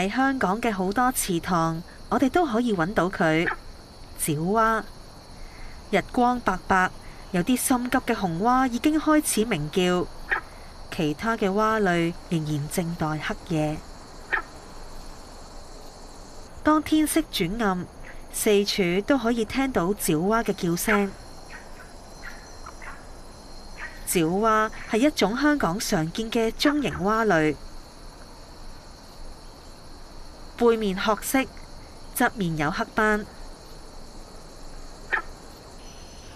喺香港嘅好多池塘，我哋都可以揾到佢。沼蛙日光白白，有啲心急嘅紅蛙已經開始鳴叫，其他嘅蛙類仍然靜待黑夜。當天色轉暗，四處都可以聽到沼蛙嘅叫聲。沼蛙係一種香港常見嘅中型蛙類。背面褐色，側面有黑斑。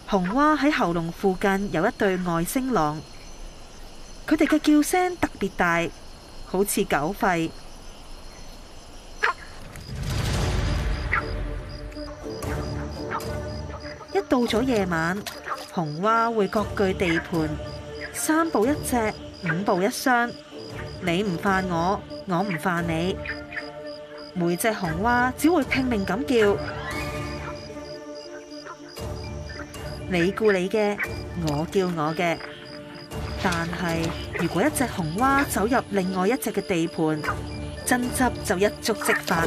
紅蛙喺喉嚨附近有一對外聲囊，佢哋嘅叫聲特別大，好似狗吠。 一到咗夜晚，紅蛙會各據地盤，三步一隻，五步一雙，你唔犯我，我唔犯你。每隻沼蛙只會拼命咁叫，你顧你嘅，我叫我嘅，但係如果一隻沼蛙走入另外一隻嘅地盤爭執就一觸即發。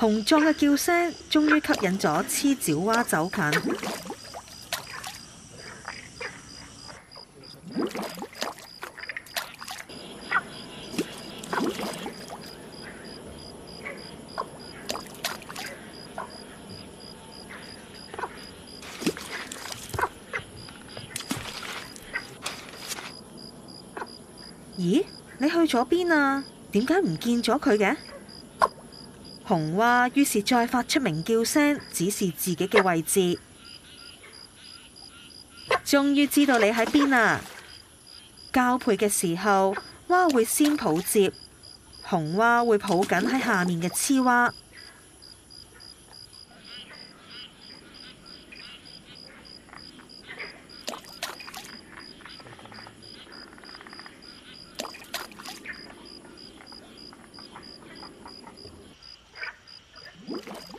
雄壯嘅叫聲，終於吸引咗雌沼蛙走近。咦，你去咗邊啊？點解唔見咗佢嘅？雄蛙於是再發出鳴叫聲，指示自己嘅位置。終於知道你喺邊啦！交配嘅時候，蛙會先抱接，雄蛙會抱緊喺下面嘅雌蛙。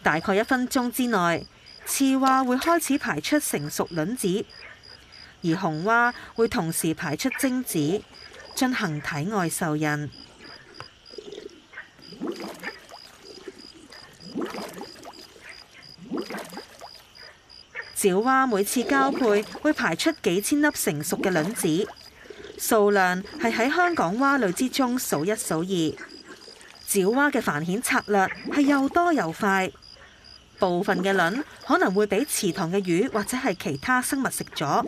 大概一分鐘之內，雌蛙會開始排出成熟卵子，而雄蛙會同時排出精子，進行體外受孕。沼蛙每次交配會排出幾千粒成熟嘅卵子，數量係喺香港蛙類之中數一數二。沼蛙嘅繁衍策略係又多又快。部分嘅卵可能會俾池塘嘅魚或者係其他生物食咗，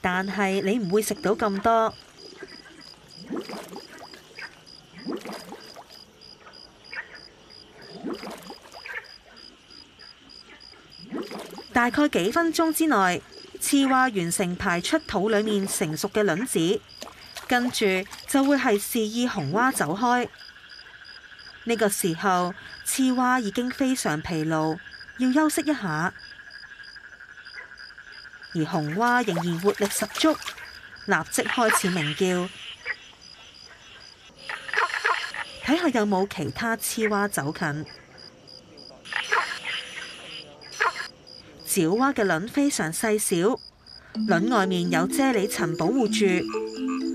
但係你唔會食到咁多。大概幾分鐘之內，雌蛙完成排出肚裡面成熟嘅卵子，跟住就會係示意雄蛙走開。呢個時候，雌蛙已經非常疲勞，要休息一下，而雄蛙仍然活力十足，立即開始鳴叫，睇下有冇其他雌蛙走近。沼 蛙嘅卵非常細小，卵外面有啫喱層保護住，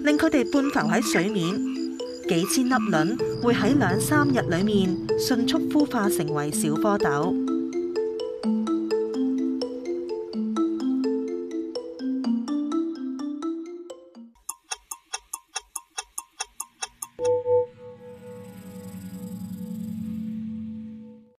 令佢哋半浮喺水面。幾千粒卵會喺兩三日裏面迅速孵化成為小蝌蚪。